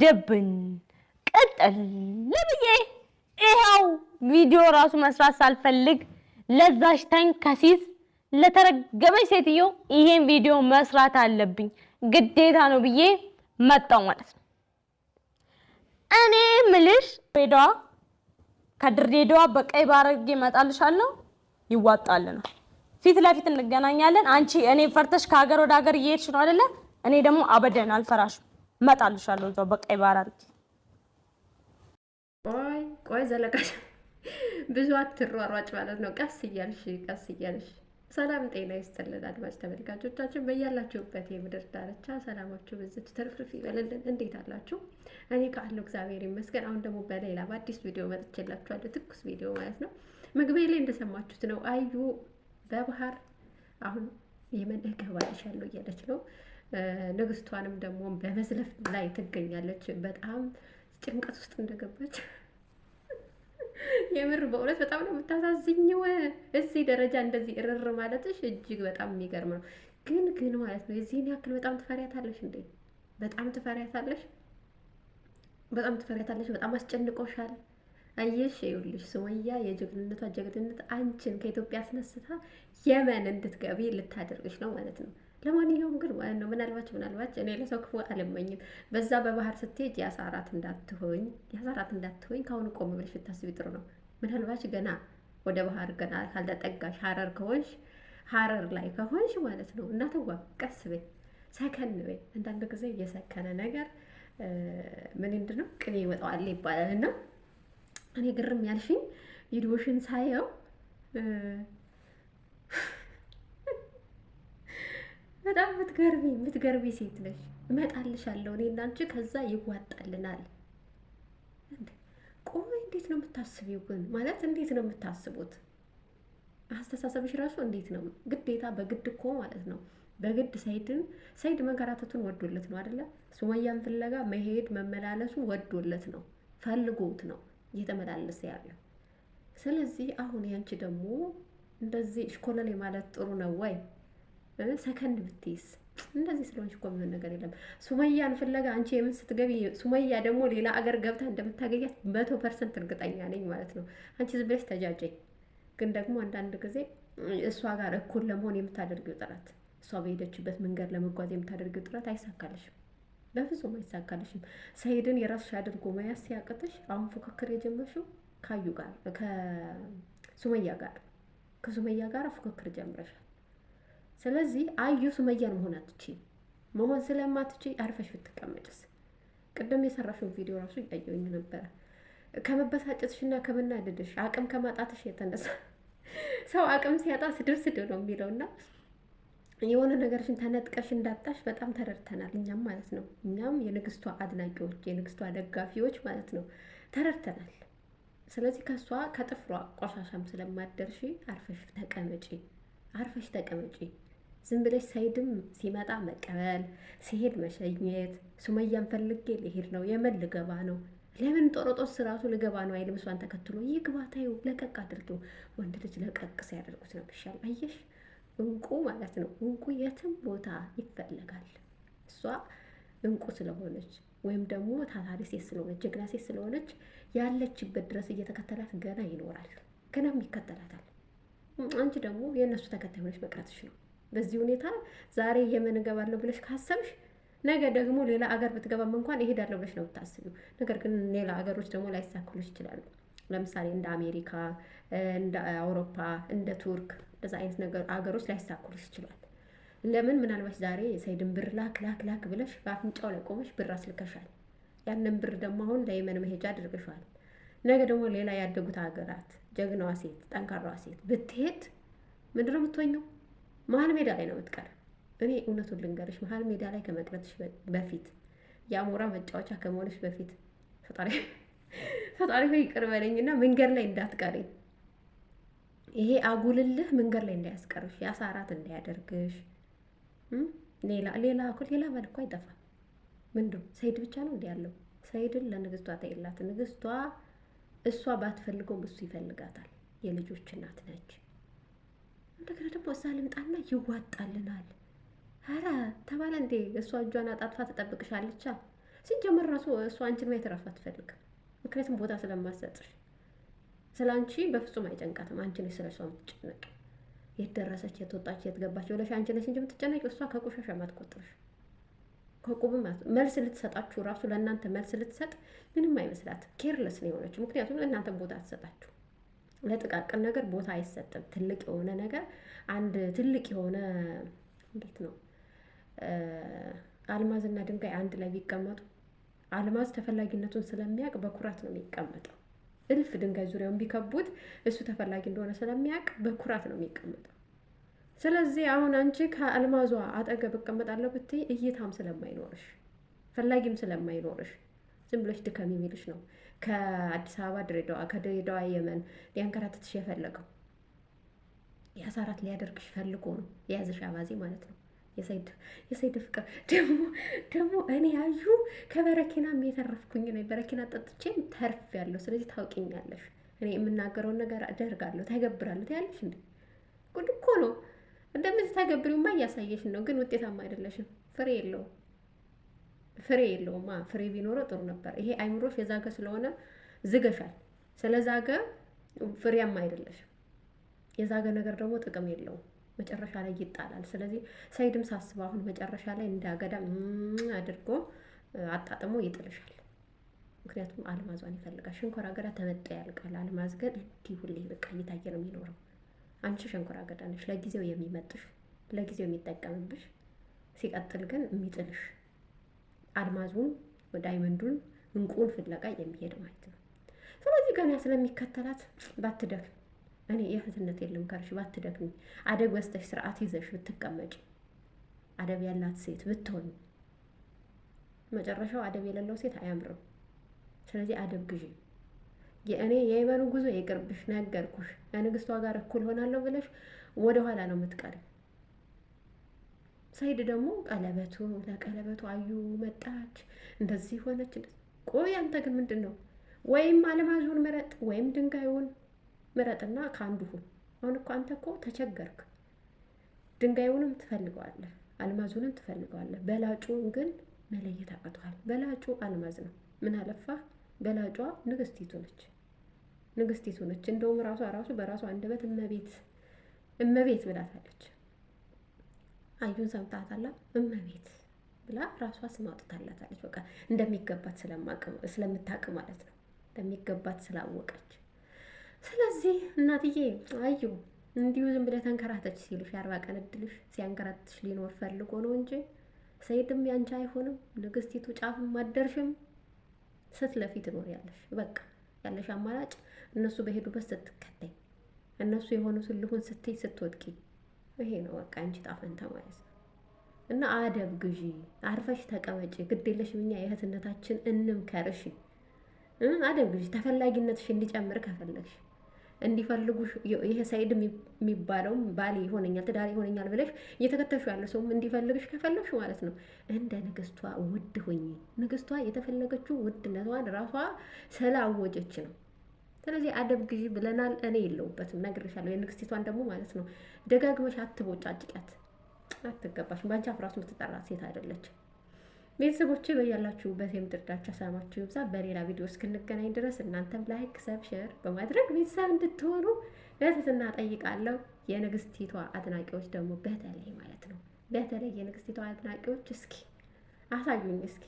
ድብን ቅጥል ብዬ ይኸው ቪዲዮ ራሱ መስራት ሳልፈልግ ለዛሽ ተንከሲስ ለተረገመች ሴትዮ ይሄን ቪዲዮ መስራት አለብኝ ግዴታ ነው ብዬ መጣው ማለት ነው። እኔ ምልሽ ሬዳዋ ከድሬዳዋ በቀይ ባረግ እመጣልሻለሁ፣ ይዋጣልናል። ፊት ለፊት እንገናኛለን። አንቺ እኔ ፈርተሽ ከሀገር ወደ ሀገር እየሄድሽ ነው አይደለ? እኔ ደግሞ አበደን አልፈራሽም። እመጣልሻለሁ እዛው በቃ ይባራል። ቆይ ቆይ ዘለቃሽ ብዙ አትሯሯጭ ማለት ነው። ቀስ እያልሽ ቀስ እያልሽ። ሰላም ጤና ይስጥልን አድማጭ ተመልካቾቻችን በያላችሁበት የምድር ዳርቻ ሰላማችሁ ብዝት ተርፍርፍ ይበልልን። እንዴት አላችሁ? እኔ ቃለሁ እግዚአብሔር ይመስገን። አሁን ደግሞ በሌላ በአዲስ ቪዲዮ መጥቼላችኋለሁ። ትኩስ ቪዲዮ ማለት ነው። መግቢያ ላይ እንደሰማችሁት ነው አዩ በባህር አሁን የመን እገባልሻለሁ እያለች ነው ንግስቷንም ደግሞ በመዝለፍ ላይ ትገኛለች። በጣም ጭንቀት ውስጥ እንደገባች የምር በእውነት በጣም ነው የምታሳዝኘው። እዚህ ደረጃ እንደዚህ እርር ማለትሽ እጅግ በጣም የሚገርም ነው። ግን ግን ማለት ነው የዚህን ያክል በጣም ትፈሪያታለሽ እንዴ? በጣም ትፈሪያታለሽ፣ በጣም ትፈሪያታለሽ፣ በጣም አስጨንቆሻል። አየሽ ይኸውልሽ፣ ሱመያ የጀግንነቷ ጀግንነት አንቺን ከኢትዮጵያ አስነስታ የመን እንድትገቢ ልታደርግሽ ነው ማለት ነው። ለማንኛውም ግን ማለት ነው ምናልባች ምናልባች እኔ ለሰው ክፉ አልመኝም። በዛ በባህር ስትሄጅ የአሳራት እንዳትሆኝ የአሳራት እንዳትሆኝ ከአሁኑ ቆም ብለሽ ብታስቢ ጥሩ ነው። ምናልባች ገና ወደ ባህር ገና ካልተጠጋሽ ሀረር ከሆንሽ ሀረር ላይ ከሆንሽ ማለት ነው እናትዋ ቀስ በይ፣ ሰከን በይ። አንዳንድ ጊዜ እየሰከነ ነገር ምንድን ነው ቅኔ ይወጣዋል ይባላል እና እኔ ግርም ያልሽኝ ቪዲዮሽን ሳየው በጣም ምትገርቢ ምትገርቢ ሴት ነሽ። እመጣልሻለሁ እኔ እና አንቺ ከዛ ይዋጣልናል። ቆይ እንዴት ነው የምታስቢው ግን? ማለት እንዴት ነው የምታስቡት? አስተሳሰብሽ ራሱ እንዴት ነው? ግዴታ በግድ እኮ ማለት ነው በግድ ሰይድን ሰይድ መንከራተቱን ወዶለት ነው አደለ? ሱመያን ፍለጋ መሄድ መመላለሱ ወዶለት ነው ፈልጎት ነው እየተመላለሰ ያለው። ስለዚህ አሁን ያንቺ ደግሞ እንደዚህ እሽኮለሌ ማለት ጥሩ ነው ወይ? ሰከንድ ብትይዝ እንደዚህ ስለሆንሽ እኮ የሚሆን ነገር የለም። ሱመያን ፍለጋ አንቺ የምን ስትገቢ ሱመያ ደግሞ ሌላ አገር ገብታ እንደምታገኛት መቶ ፐርሰንት እርግጠኛ ነኝ ማለት ነው። አንቺ ዝም ብለሽ ተጃጀኝ። ግን ደግሞ አንዳንድ ጊዜ እሷ ጋር እኩል ለመሆን የምታደርጊው ጥረት፣ እሷ በሄደችበት መንገድ ለመጓዝ የምታደርጊው ጥረት አይሳካልሽም፣ በፍጹም አይሳካልሽም። ሰኢድን የራስሽ አድርጎ መያዝ ሲያቅትሽ አሁን ፉክክር የጀመርሽው ካዩ ጋር ከሱመያ ጋር ከሱመያ ጋር ፉክክር ጀምረሻል። ስለዚህ አዩ ሱመያን መሆን አትቺ መሆን ስለማትቺ አርፈሽ ብትቀመጭስ? ቅድም የሰራሽው ቪዲዮ ራሱ እያየሁኝ ነበረ። ከመበሳጨትሽና ከመናደድሽ አቅም ከማጣትሽ የተነሳ ሰው አቅም ሲያጣ ስድብ ስድብ ነው የሚለው እና የሆነ ነገርሽን ተነጥቀሽ እንዳጣሽ በጣም ተረድተናል። እኛም ማለት ነው እኛም የንግስቷ አድናቂዎች የንግስቷ ደጋፊዎች ማለት ነው ተረድተናል። ስለዚህ ከእሷ ከጥፍሯ ቆሻሻም ስለማደርሽ አርፈሽ ተቀመጪ፣ አርፈሽ ተቀመጪ። ዝም ብለሽ ሰይድም ሲመጣ መቀበል፣ ሲሄድ መሸኘት። ሱመያን ፈልጌ ሊሄድ ነው፣ የመን ልገባ ነው። ለምን ጦሮጦስ ስርዓቱ ልገባ ነው አይልም። እሷን ተከትሎ ይህ ግባታዩ ለቀቅ አድርጊው። ወንድ ልጅ ለቀቅ ሲያደርጉት ነው ይሻል። አየሽ፣ እንቁ ማለት ነው። እንቁ የትም ቦታ ይፈለጋል። እሷ እንቁ ስለሆነች ወይም ደግሞ ታታሪ ሴት ስለሆነች ጀግና ሴት ስለሆነች ያለችበት ድረስ እየተከተላት ገና ይኖራል፣ ገናም ይከተላታል። አንቺ ደግሞ የእነሱ ተከታይ ሆነች መቅረትሽ ነው። በዚህ ሁኔታ ዛሬ የመን እገባለሁ ብለሽ ካሰብሽ ነገ ደግሞ ሌላ አገር ብትገባም እንኳን እሄዳለሁ ብለሽ ነው የምታስቢው። ነገር ግን ሌላ አገሮች ደግሞ ላይሳክሉሽ ይችላሉ። ለምሳሌ እንደ አሜሪካ፣ እንደ አውሮፓ፣ እንደ ቱርክ እንደዛ አይነት ነገር አገሮች ላይሳክሉሽ ይችላል። ለምን ምናልባት ዛሬ ሰይድን ብር ላክ ላክ ላክ ብለሽ በአፍንጫው ላይ ቆመሽ ብር አስልከሻል። ያንን ብር ደግሞ አሁን ለየመን መሄጃ አድርገሻል። ነገ ደግሞ ሌላ ያደጉት ሀገራት ጀግናዋ ሴት፣ ጠንካራዋ ሴት ብትሄድ ምንድነው የምትሆኘው? መሀል ሜዳ ላይ ነው የምትቀር። እኔ እውነቱን ልንገርሽ፣ መሀል ሜዳ ላይ ከመቅረትሽ በፊት የአሞራ መጫወቻ ከመሆንሽ በፊት ፈጣሪ ፈጣሪ ሆይ ይቅር መንገድ ላይ እንዳትቀሪ። ይሄ አጉልልህ መንገድ ላይ እንዳያስቀርሽ፣ የአሳራት እንዳያደርግሽ። ሌላ ሌላ ሌላ መልኩ አይጠፋም። ምንድን ሰይድ ብቻ ነው እንዲህ ያለው። ሰይድን ለንግስቷ ተይላት። ንግስቷ እሷ ባትፈልገውም እሱ ይፈልጋታል። የልጆች እናት ነች። እንደገና ደግሞ እዛ ልምጣና ይዋጣልናል። ኧረ ተባለ እንዴ! እሷ እጇን አጣጥፋ ትጠብቅሻለቻ። ሲጀመር ራሱ እሷ አንቺን ማየት ራሱ አትፈልግም፣ ምክንያቱም ቦታ ስለማትሰጥሽ። ስለ አንቺ በፍጹም አይጨንቃትም። አንቺ ነሽ ስለ እሷ የምትጨነቂ። የት ደረሰች፣ የት ወጣች፣ የት ገባች ብለሽ አንቺ ነሽ እንጂ የምትጨነቂ፣ እሷ ከቆሻሻ ማትቆጥርሽ ከቁብ መልስ ልትሰጣችሁ ራሱ ለእናንተ መልስ ልትሰጥ ምንም አይመስላት። ኬርለስ ነው የሆነችው፣ ምክንያቱም እናንተ ቦታ አትሰጣችሁ። ለጥቃቅን ነገር ቦታ አይሰጥም። ትልቅ የሆነ ነገር አንድ ትልቅ የሆነ እንዴት ነው አልማዝና ድንጋይ አንድ ላይ ቢቀመጡ አልማዝ ተፈላጊነቱን ስለሚያውቅ በኩራት ነው የሚቀመጠው። እልፍ ድንጋይ ዙሪያውን ቢከቡት እሱ ተፈላጊ እንደሆነ ስለሚያውቅ በኩራት ነው የሚቀመጠው። ስለዚህ አሁን አንቺ ከአልማዟ አጠገብ እቀመጣለሁ ብትይ እይታም ስለማይኖርሽ ፈላጊም ስለማይኖርሽ ዝም ብሎች ድከም የሚልሽ ነው። ከአዲስ አበባ ድሬዳዋ፣ ከድሬዳዋ የመን ሊያንከራትትሽ የፈለገው የአሳራት ሊያደርግሽ ፈልጎ ነው የያዝሽ አባዜ ማለት ነው። የሰይድ ፍቅር ደግሞ ደግሞ እኔ ያዩ ከበረኪናም የተረፍኩኝ ነኝ። በረኪና ጠጥቼም ተርፍ ያለው ስለዚህ ታውቂኛለሽ። እኔ የምናገረውን ነገር አደርጋለሁ። ተገብራለሁ ትያለሽ። እንዴ? ጉድ እኮ ነው። እንደምዚህ ተገብሪውማ እያሳየሽ ነው፣ ግን ውጤታማ አይደለሽም። ፍሬ የለውም። ፍሬ የለውማ። ፍሬ ቢኖረው ጥሩ ነበር። ይሄ አይምሮሽ የዛገ ስለሆነ ዝገሻል። ስለዛገ ፍሬያማ አይደለሽ። የዛገ ነገር ደግሞ ጥቅም የለውም፣ መጨረሻ ላይ ይጣላል። ስለዚህ ሰይድም ሳስበው አሁን መጨረሻ ላይ እንዳገዳ አድርጎ አጣጥሞ ይጥልሻል። ምክንያቱም አልማዟን ይፈልጋል። ሸንኮራ አገዳ ተመጣ ያልቃል። አልማዝ ግን እንዲህ ሁሌ በቃ እየታየ ነው የሚኖረው። አንቺ ሸንኮራ አገዳ ነሽ፣ ለጊዜው የሚመጥሽ፣ ለጊዜው የሚጠቀምብሽ፣ ሲቀጥል ግን የሚጥልሽ አልማዙን ዳይመንዱን እንቁን ፍለጋ የሚሄድ ማለት ነው። ስለዚህ ገና ስለሚከተላት ባትደክም እኔ የእህትነት የለም ካልሽ ባትደክሚ አደብ ወስተሽ ስርዓት ይዘሽ ብትቀመጭ አደብ ያላት ሴት ብትሆን መጨረሻው አደብ የሌለው ሴት አያምርም። ስለዚህ አደብ ግዢ። እኔ የይበሉ ጉዞ የቅርብሽ ነገርኩሽ። ከንግስቷ ጋር እኩል ሆናለሁ ብለሽ ወደኋላ ነው የምትቀሪ። ሳይድ ደግሞ ቀለበቱ ለቀለበቱ አዩ መጣች፣ እንደዚህ ሆነች። ቆይ አንተ ግን ምንድን ነው? ወይም አልማዙን ምረጥ ወይም ድንጋዩን ምረጥና ከአንዱ ሁን። አሁን እኮ አንተ እኮ ተቸገርክ። ድንጋዩንም ትፈልገዋለህ፣ አልማዙንም ትፈልገዋለህ። በላጩን ግን መለየት አቅቷል። በላጩ አልማዝ ነው። ምን አለፋ በላጯ ንግስቲቱ ነች። ንግስቲቱ ነች። እንደውም ራሷ ራሱ በራሷ አንደበት እመቤት እመቤት ብላታለች። አዩን ሰምታታላ እመቤት ብላ ራሷ ስም አውጥታላታለች። በቃ እንደሚገባት ስለምታውቅ ማለት ነው፣ እንደሚገባት ስላወቀች። ስለዚህ እናትዬ አዩ እንዲሁ ዝም ብለህ ተንከራተች ሲሉሽ የአርባ ቀን እድልሽ ሲያንከራተች ሊኖር ፈልጎ ነው እንጂ ሰይድም ያንቺ አይሆንም። ንግስቲቱ ጫፍም አደርሽም ስትለፊ ያለሽ በቃ ያለሽ አማራጭ እነሱ በሄዱበት ስትከተኝ፣ እነሱ የሆኑ ልሁን ስትይ ስትወድቂ ይሄ ነው በቃ አንቺ ጣፈንታ ማለት ነው። እና አደብ ግዢ፣ አርፈሽ ተቀመጪ፣ ግዴለሽ እኛ የእህትነታችን እንምከርሽ። አደብ ግዢ ተፈላጊነትሽ እንዲጨምር ከፈለግሽ እንዲፈልጉሽ ይሄ ሳይድ የሚባለው ባል ይሆነኛል ትዳር ይሆነኛል ብለሽ እየተከተሹ ያለ ሰውም እንዲፈልግሽ ከፈለግሽ ማለት ነው። እንደ ንግስቷ ውድ ሆኚ። ንግስቷ የተፈለገችው ውድነቷን ራሷ ስላወጀች ነው። ስለዚህ አደብ ግዢ ብለናል። እኔ የለውበትም ነግርሻለሁ። የንግስቲቷን ደግሞ ማለት ነው ደጋግመሽ አትቦጫጭቂያት። አትገባሽም። በአንቺ አፍራሱ የምትጠራ ሴት አይደለች። ቤተሰቦች በያላችሁበት የምትርዳችሁ ሰላማችሁ ይብዛ። በሌላ ቪዲዮ እስክንገናኝ ድረስ እናንተም ላይክ፣ ሰብ፣ ሼር በማድረግ ቤተሰብ እንድትሆኑ በትህትና ጠይቃለሁ። የንግስቲቷ አድናቂዎች ደግሞ በተለይ ማለት ነው በተለይ የንግስቲቷ አድናቂዎች እስኪ አሳዩኝ እስኪ